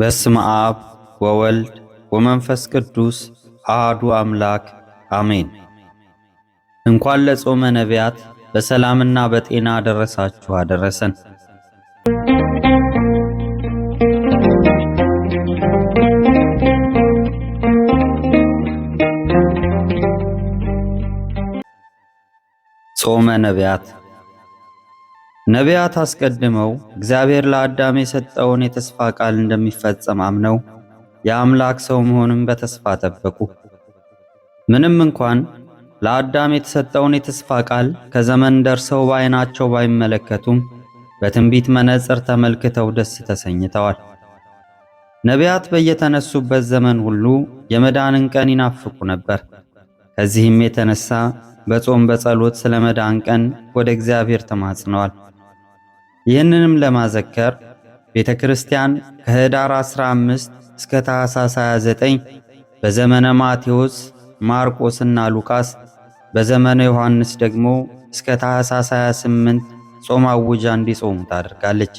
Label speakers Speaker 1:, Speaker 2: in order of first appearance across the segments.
Speaker 1: በስም አብ ወወልድ ወመንፈስ ቅዱስ አህዱ አምላክ አሜን። እንኳን ለጾመ ነቢያት በሰላምና በጤና አደረሳችሁ አደረሰን። ጾመ ነቢያት ነቢያት አስቀድመው እግዚአብሔር ለአዳም የሰጠውን የተስፋ ቃል እንደሚፈጸም አምነው የአምላክ ሰው መሆንም በተስፋ ጠበቁ። ምንም እንኳን ለአዳም የተሰጠውን የተስፋ ቃል ከዘመን ደርሰው በዓይናቸው ባይመለከቱም በትንቢት መነጽር ተመልክተው ደስ ተሰኝተዋል። ነቢያት በየተነሱበት ዘመን ሁሉ የመዳንን ቀን ይናፍቁ ነበር። ከዚህም የተነሳ በጾም በጸሎት ስለ መዳን ቀን ወደ እግዚአብሔር ተማጽነዋል። ይህንንም ለማዘከር ቤተ ክርስቲያን ከህዳር 15 እስከ ታኅሳስ 29 በዘመነ ማቴዎስ፣ ማርቆስና ሉቃስ በዘመነ ዮሐንስ ደግሞ እስከ ታኅሳስ 28 ጾም አውጃ እንዲጾሙ ታደርጋለች።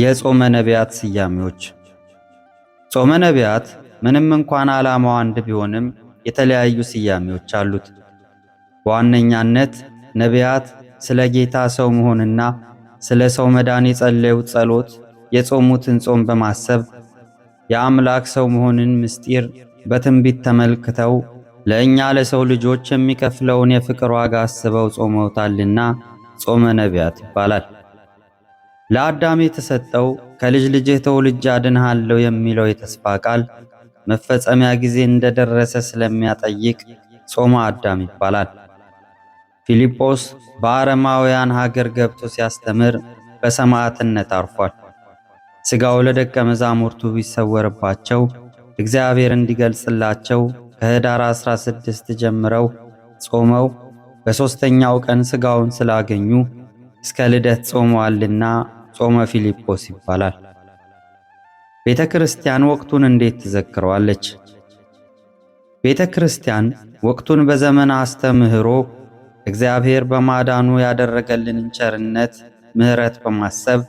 Speaker 1: የጾመ ነቢያት ስያሜዎች ጾመ ነቢያት ምንም እንኳን ዓላማው አንድ ቢሆንም የተለያዩ ስያሜዎች አሉት። በዋነኛነት ነቢያት ስለ ጌታ ሰው መሆንና ስለ ሰው መዳን የጸለዩት ጸሎት፣ የጾሙትን ጾም በማሰብ የአምላክ ሰው መሆንን ምስጢር በትንቢት ተመልክተው ለእኛ ለሰው ልጆች የሚከፍለውን የፍቅር ዋጋ አስበው ጾመውታልና ጾመ ነቢያት ይባላል። ለአዳም የተሰጠው ከልጅ ልጅህ ተወልጄ አድንሃለሁ የሚለው የተስፋ ቃል መፈጸሚያ ጊዜ እንደደረሰ ስለሚያጠይቅ ጾመ አዳም ይባላል። ፊልጶስ በአረማውያን ሀገር ገብቶ ሲያስተምር በሰማዕትነት አርፏል። ሥጋው ለደቀ መዛሙርቱ ቢሰወርባቸው እግዚአብሔር እንዲገልጽላቸው ከኅዳር 16 ጀምረው ጾመው በሦስተኛው ቀን ሥጋውን ስላገኙ እስከ ልደት ጾመዋልና ጾመ ፊልጶስ ይባላል። ቤተ ክርስቲያን ወቅቱን እንዴት ትዘክረዋለች? ቤተ ክርስቲያን ወቅቱን በዘመን አስተምህሮ እግዚአብሔር በማዳኑ ያደረገልንን ቸርነት፣ ምሕረት በማሰብ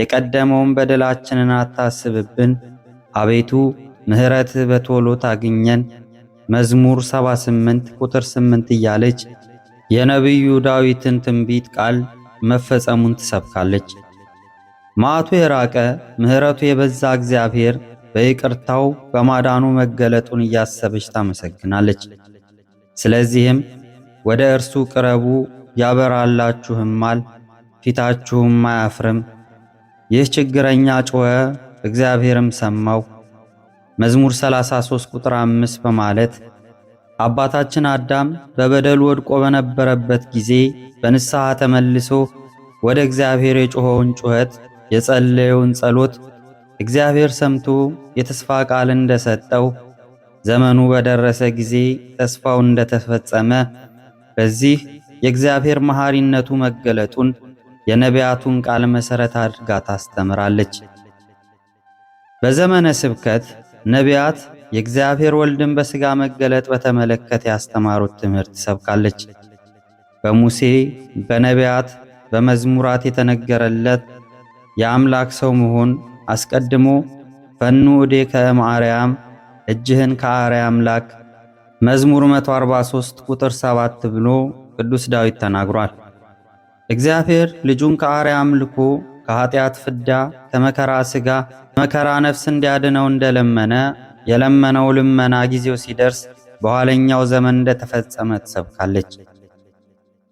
Speaker 1: የቀደመውን በደላችንን አታስብብን፣ አቤቱ ምሕረትህ በቶሎ ታግኘን፣ መዝሙር 78 ቁጥር 8 እያለች የነቢዩ ዳዊትን ትንቢት ቃል መፈጸሙን ትሰብካለች። ማቱ የራቀ ምሕረቱ የበዛ እግዚአብሔር በይቅርታው በማዳኑ መገለጡን እያሰበች ታመሰግናለች። ስለዚህም ወደ እርሱ ቅረቡ ያበራላችሁማል፣ ፊታችሁም አያፍርም። ይህ ችግረኛ ጮኸ፣ እግዚአብሔርም ሰማው። መዝሙር 33 ቁጥር 5 በማለት አባታችን አዳም በበደል ወድቆ በነበረበት ጊዜ በንስሐ ተመልሶ ወደ እግዚአብሔር የጮኸውን ጩኸት የጸለየውን ጸሎት እግዚአብሔር ሰምቶ የተስፋ ቃል እንደሰጠው ዘመኑ በደረሰ ጊዜ ተስፋው እንደተፈጸመ በዚህ የእግዚአብሔር መሐሪነቱ መገለጡን የነቢያቱን ቃል መሠረት አድርጋ ታስተምራለች። በዘመነ ስብከት ነቢያት የእግዚአብሔር ወልድን በሥጋ መገለጥ በተመለከተ ያስተማሩት ትምህርት ሰብካለች። በሙሴ በነቢያት በመዝሙራት የተነገረለት የአምላክ ሰው መሆን አስቀድሞ ፈኑ እዴከ ከማርያም እጅህን ከአርያም ላክ መዝሙር 143 ቁጥር 7 ብሎ ቅዱስ ዳዊት ተናግሯል። እግዚአብሔር ልጁን ከአርያም ልኮ ከኃጢአት ፍዳ ከመከራ ሥጋ መከራ ነፍስ እንዲያድነው እንደለመነ የለመነው ልመና ጊዜው ሲደርስ በኋለኛው ዘመን እንደተፈጸመ ትሰብካለች።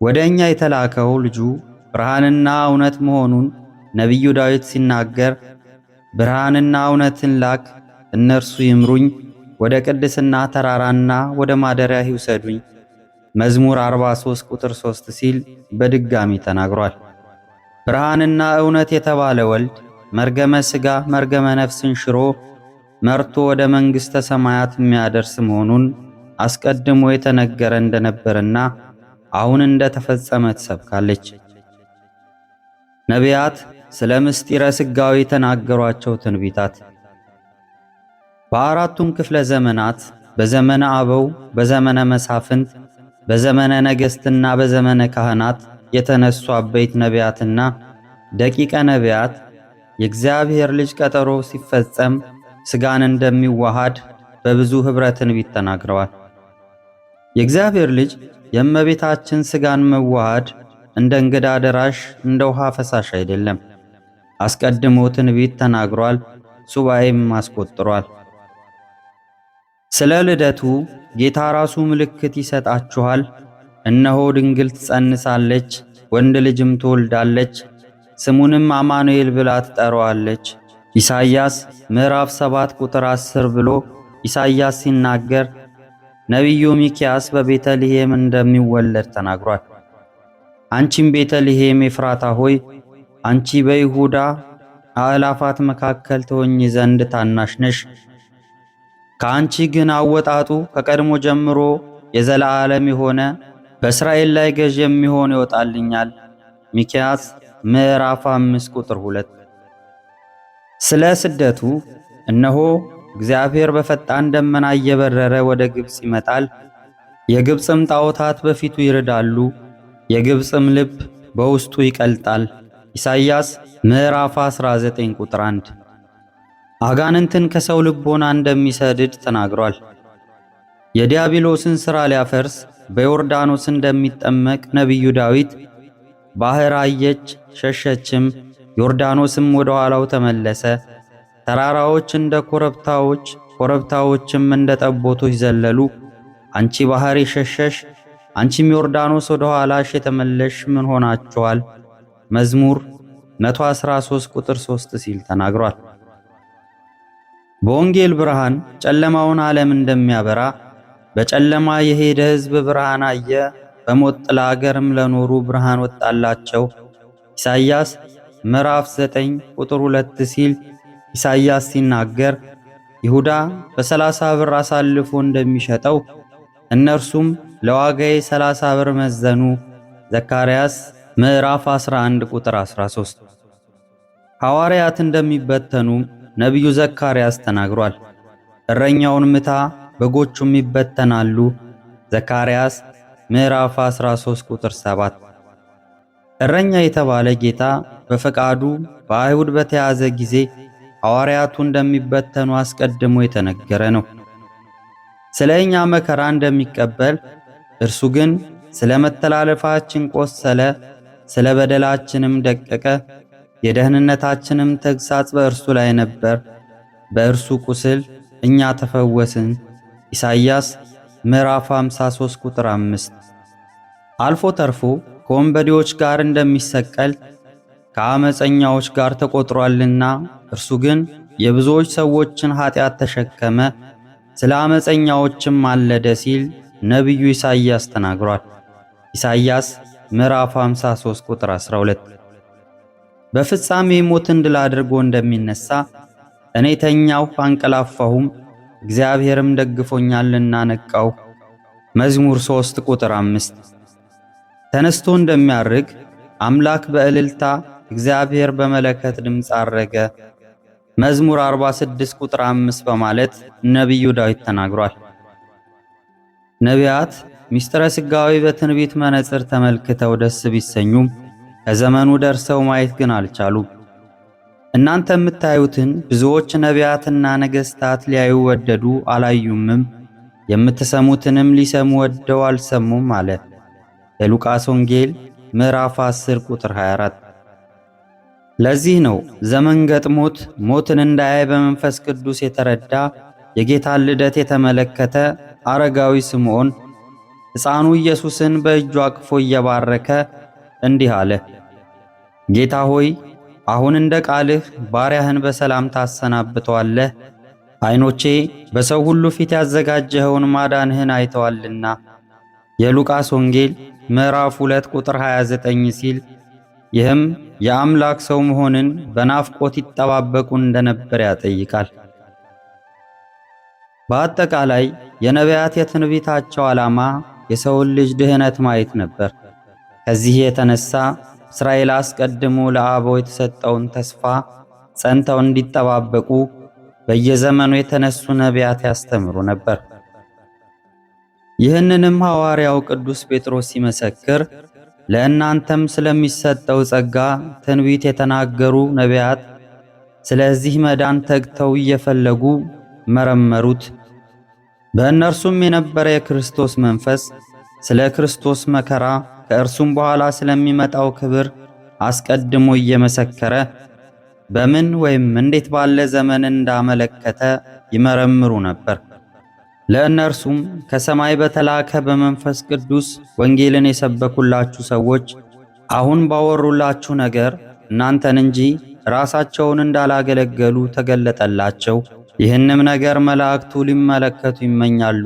Speaker 1: ወደ እኛ የተላከው ልጁ ብርሃንና እውነት መሆኑን ነቢዩ ዳዊት ሲናገር ብርሃንና እውነትን ላክ፣ እነርሱ ይምሩኝ፣ ወደ ቅድስና ተራራና ወደ ማደሪያ ይውሰዱኝ መዝሙር 43 ቁጥር 3 ሲል በድጋሚ ተናግሯል። ብርሃንና እውነት የተባለ ወልድ መርገመ ሥጋ መርገመ ነፍስን ሽሮ መርቶ ወደ መንግሥተ ሰማያት የሚያደርስ መሆኑን አስቀድሞ የተነገረ እንደነበረና አሁን እንደተፈጸመ ትሰብካለች ነቢያት ስለ ምስጢረ ሥጋዌ የተናገሯቸው ትንቢታት በአራቱም ክፍለ ዘመናት በዘመነ አበው፣ በዘመነ መሳፍንት፣ በዘመነ ነገሥትና በዘመነ ካህናት የተነሱ አበይት ነቢያትና ደቂቀ ነቢያት የእግዚአብሔር ልጅ ቀጠሮ ሲፈጸም ሥጋን እንደሚዋሃድ በብዙ ኅብረ ትንቢት ተናግረዋል። የእግዚአብሔር ልጅ የእመቤታችን ሥጋን መዋሃድ እንደ እንግዳ ደራሽ እንደ ውሃ ፈሳሽ አይደለም። አስቀድሞ ትንቢት ተናግሯል፣ ሱባኤም አስቆጥሯል። ስለ ልደቱ ጌታ ራሱ ምልክት ይሰጣችኋል፣ እነሆ ድንግል ትጸንሳለች፣ ወንድ ልጅም ትወልዳለች፣ ስሙንም አማኑኤል ብላ ትጠራዋለች። ኢሳይያስ ምዕራፍ 7 ቁጥር 10 ብሎ ኢሳይያስ ሲናገር ነቢዩ ሚክያስ በቤተልሔም እንደሚወለድ ተናግሯል። አንቺም ቤተልሔም ኤፍራታ ሆይ አንቺ በይሁዳ አእላፋት መካከል ትሆኚ ዘንድ ታናሽ ነሽ። ከአንቺ ግን አወጣጡ ከቀድሞ ጀምሮ የዘላለም የሆነ በእስራኤል ላይ ገዥ የሚሆን ይወጣልኛል። ሚክያስ ምዕራፍ አምስት ቁጥር ሁለት ስለ ስደቱ እነሆ እግዚአብሔር በፈጣን ደመና እየበረረ ወደ ግብፅ ይመጣል። የግብፅም ጣዖታት በፊቱ ይርዳሉ፣ የግብፅም ልብ በውስጡ ይቀልጣል። ኢሳይያስ ምዕራፍ 19 ቁጥር 1 አጋንንትን ከሰው ልቦና እንደሚሰድድ ተናግሯል። የዲያብሎስን ሥራ ሊያፈርስ በዮርዳኖስ እንደሚጠመቅ ነቢዩ ዳዊት ባሕር አየች ሸሸችም፣ ዮርዳኖስም ወደ ኋላው ተመለሰ፣ ተራራዎች እንደ ኮረብታዎች፣ ኮረብታዎችም እንደ ጠቦቶች ዘለሉ። አንቺ ባሕር የሸሸሽ አንቺም ዮርዳኖስ ወደ ኋላሽ የተመለሽ ምን ሆናችኋል? መዝሙር 113 ቁጥር 3 ሲል ተናግሯል። በወንጌል ብርሃን ጨለማውን ዓለም እንደሚያበራ በጨለማ የሄደ ሕዝብ ብርሃን አየ፣ በሞት ጥላ አገርም ለኖሩ ብርሃን ወጣላቸው ኢሳይያስ ምዕራፍ 9 ቁጥር 2 ሲል ኢሳይያስ ሲናገር ይሁዳ በሰላሳ ብር አሳልፎ እንደሚሸጠው እነርሱም ለዋጋዬ ሰላሳ ብር መዘኑ ዘካርያስ ምዕራፍ 11 ቁጥር 13 ሐዋርያት እንደሚበተኑ ነቢዩ ዘካርያስ ተናግሯል። እረኛውን ምታ በጎቹም ይበተናሉ። ዘካርያስ ምዕራፍ 13 ቁጥር 7 እረኛ የተባለ ጌታ በፈቃዱ በአይሁድ በተያዘ ጊዜ ሐዋርያቱ እንደሚበተኑ አስቀድሞ የተነገረ ነው። ስለ እኛ መከራ እንደሚቀበል እርሱ ግን ስለ መተላለፋችን ቆሰለ ስለ በደላችንም ደቀቀ። የደህንነታችንም ተግሳጽ በእርሱ ላይ ነበር፣ በእርሱ ቁስል እኛ ተፈወስን። ኢሳይያስ ምዕራፍ 53 ቁጥር 5። አልፎ ተርፎ ከወንበዴዎች ጋር እንደሚሰቀል ከአመፀኛዎች ጋር ተቆጥሯልና እርሱ ግን የብዙዎች ሰዎችን ኀጢአት ተሸከመ፣ ስለ አመፀኛዎችም አለደ ሲል ነቢዩ ኢሳይያስ ተናግሯል። ኢሳይያስ ምዕራፍ 53 ቁጥር 12 በፍጻሜ ሞትን ድል አድርጎ እንደሚነሳ እኔ ተኛሁ አንቀላፋሁም፣ እግዚአብሔርም ደግፎኛልና ነቃው መዝሙር 3 ቁጥር 5 ተነስቶ እንደሚያርግ አምላክ በእልልታ እግዚአብሔር በመለከት ድምፅ አረገ። መዝሙር 46 ቁጥር 5 በማለት ነቢዩ ዳዊት ተናግሯል። ነቢያት ሚስጥረ ሥጋዌ በትንቢት መነጽር ተመልክተው ደስ ቢሰኙም ከዘመኑ ደርሰው ማየት ግን አልቻሉ። እናንተ የምታዩትን ብዙዎች ነቢያትና ነገሥታት ሊያዩ ወደዱ አላዩምም፣ የምትሰሙትንም ሊሰሙ ወደው አልሰሙም አለ። የሉቃስ ወንጌል ምዕራፍ 10 ቁጥር 24። ለዚህ ነው ዘመን ገጥሞት ሞትን እንዳያይ በመንፈስ ቅዱስ የተረዳ የጌታን ልደት የተመለከተ አረጋዊ ስምዖን ሕፃኑ ኢየሱስን በእጁ አቅፎ እየባረከ እንዲህ አለ። ጌታ ሆይ አሁን እንደ ቃልህ ባሪያህን በሰላም ታሰናብተዋለህ። ዐይኖቼ በሰው ሁሉ ፊት ያዘጋጀኸውን ማዳንህን አይተዋልና። የሉቃስ ወንጌል ምዕራፍ 2 ቁጥር 29 ሲል ይህም የአምላክ ሰው መሆንን በናፍቆት ይጠባበቁ እንደነበር ያጠይቃል። በአጠቃላይ የነቢያት የትንቢታቸው ዓላማ የሰውን ልጅ ድህነት ማየት ነበር። ከዚህ የተነሳ እስራኤል አስቀድሞ ለአበው የተሰጠውን ተስፋ ጸንተው እንዲጠባበቁ በየዘመኑ የተነሱ ነቢያት ያስተምሩ ነበር። ይህንንም ሐዋርያው ቅዱስ ጴጥሮስ ሲመሰክር ለእናንተም ስለሚሰጠው ጸጋ ትንቢት የተናገሩ ነቢያት ስለዚህ መዳን ተግተው እየፈለጉ መረመሩት። በእነርሱም የነበረ የክርስቶስ መንፈስ ስለ ክርስቶስ መከራ ከእርሱም በኋላ ስለሚመጣው ክብር አስቀድሞ እየመሰከረ በምን ወይም እንዴት ባለ ዘመን እንዳመለከተ ይመረምሩ ነበር። ለእነርሱም ከሰማይ በተላከ በመንፈስ ቅዱስ ወንጌልን የሰበኩላችሁ ሰዎች አሁን ባወሩላችሁ ነገር እናንተን እንጂ ራሳቸውን እንዳላገለገሉ ተገለጠላቸው። ይህንም ነገር መላእክቱ ሊመለከቱ ይመኛሉ።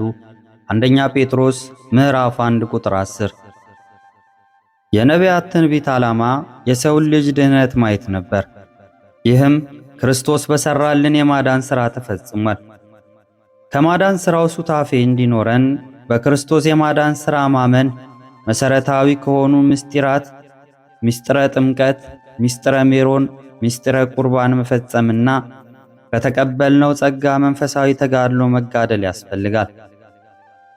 Speaker 1: አንደኛ ጴጥሮስ ምዕራፍ 1 ቁጥር 10። የነቢያት ትንቢት ዓላማ የሰውን ልጅ ድህነት ማየት ነበር። ይህም ክርስቶስ በሰራልን የማዳን ሥራ ተፈጽሟል። ከማዳን ሥራው ሱታፌ እንዲኖረን በክርስቶስ የማዳን ሥራ ማመን መሰረታዊ ከሆኑ ምስጢራት ምስጢረ ጥምቀት፣ ምስጢረ ሜሮን፣ ምስጢረ ቁርባን መፈጸምና በተቀበልነው ጸጋ መንፈሳዊ ተጋድሎ መጋደል ያስፈልጋል።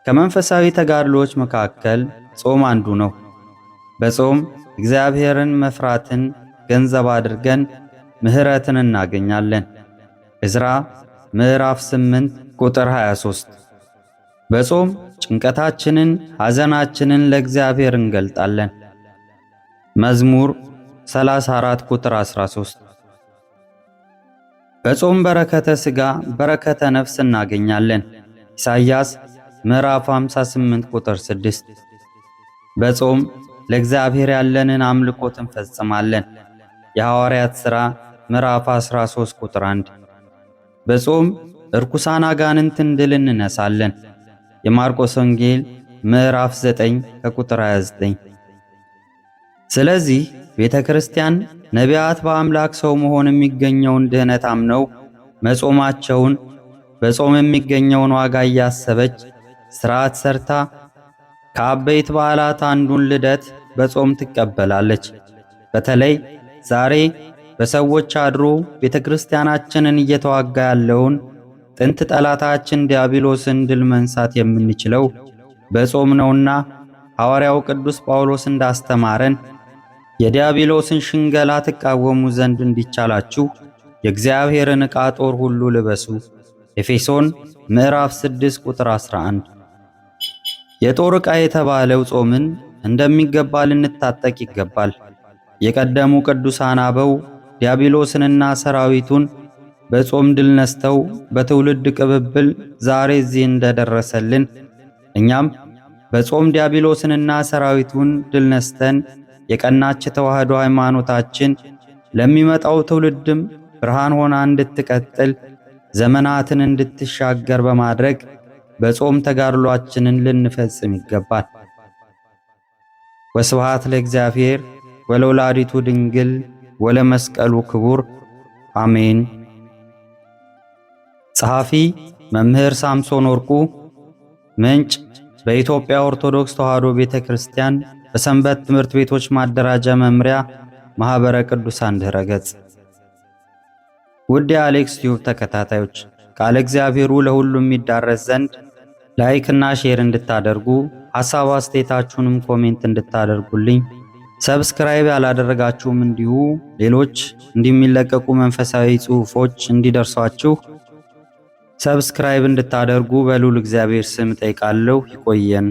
Speaker 1: ከመንፈሳዊ ተጋድሎዎች መካከል ጾም አንዱ ነው። በጾም እግዚአብሔርን መፍራትን ገንዘብ አድርገን ምህረትን እናገኛለን። ዕዝራ ምዕራፍ 8 ቁጥር 23። በጾም ጭንቀታችንን፣ ሐዘናችንን ለእግዚአብሔር እንገልጣለን። መዝሙር 34 ቁጥር 13 በጾም በረከተ ሥጋ በረከተ ነፍስ እናገኛለን። ኢሳይያስ ምዕራፍ 58 ቁጥር 6። በጾም ለእግዚአብሔር ያለንን አምልኮት እንፈጽማለን። የሐዋርያት ሥራ ምዕራፍ 13 ቁጥር 1። በጾም እርኩሳን አጋንንትን ድል እንነሳለን። የማርቆስ ወንጌል ምዕራፍ 9 ከቁጥር 29። ስለዚህ ቤተ ክርስቲያን ነቢያት በአምላክ ሰው መሆን የሚገኘውን ድኅነት አምነው መጾማቸውን በጾም የሚገኘውን ዋጋ እያሰበች ሥርዓት ሰርታ ከአበይት በዓላት አንዱን ልደት በጾም ትቀበላለች። በተለይ ዛሬ በሰዎች አድሮ ቤተ ክርስቲያናችንን እየተዋጋ ያለውን ጥንት ጠላታችን ዲያብሎስን ድል መንሳት የምንችለው በጾም ነውና ሐዋርያው ቅዱስ ጳውሎስ እንዳስተማረን የዲያብሎስን ሽንገላ ትቃወሙ ዘንድ እንዲቻላችሁ የእግዚአብሔርን ዕቃ ጦር ሁሉ ልበሱ። ኤፌሶን ምዕራፍ 6 ቁጥር 11። የጦር ዕቃ የተባለው ጾምን እንደሚገባ ልንታጠቅ ይገባል። የቀደሙ ቅዱሳን አበው ዲያብሎስንና ሰራዊቱን በጾም ድል ነስተው በትውልድ ቅብብል ዛሬ እዚህ እንደደረሰልን እኛም በጾም ዲያብሎስንና ሰራዊቱን ድል ነስተን የቀናች ተዋህዶ ሃይማኖታችን ለሚመጣው ትውልድም ብርሃን ሆና እንድትቀጥል ዘመናትን እንድትሻገር በማድረግ በጾም ተጋድሏችንን ልንፈጽም ይገባል። ወስብሃት ለእግዚአብሔር ወለወላዲቱ ድንግል ወለመስቀሉ ክቡር አሜን። ጸሐፊ መምህር ሳምሶን ወርቁ። ምንጭ በኢትዮጵያ ኦርቶዶክስ ተዋሕዶ ቤተ ክርስቲያን በሰንበት ትምህርት ቤቶች ማደራጃ መምሪያ ማኅበረ ቅዱሳን ድኅረ ገጽ። ውድ የአሌክስ ቲዩብ ተከታታዮች ቃለ እግዚአብሔሩ ለሁሉም የሚዳረስ ዘንድ ላይክና ሼር እንድታደርጉ ሐሳብ አስተያየታችሁንም ኮሜንት እንድታደርጉልኝ ሰብስክራይብ ያላደረጋችሁም እንዲሁ ሌሎች እንደሚለቀቁ መንፈሳዊ ጽሑፎች እንዲደርሷችሁ ሰብስክራይብ እንድታደርጉ በልዑል እግዚአብሔር ስም ጠይቃለሁ። ይቆየን።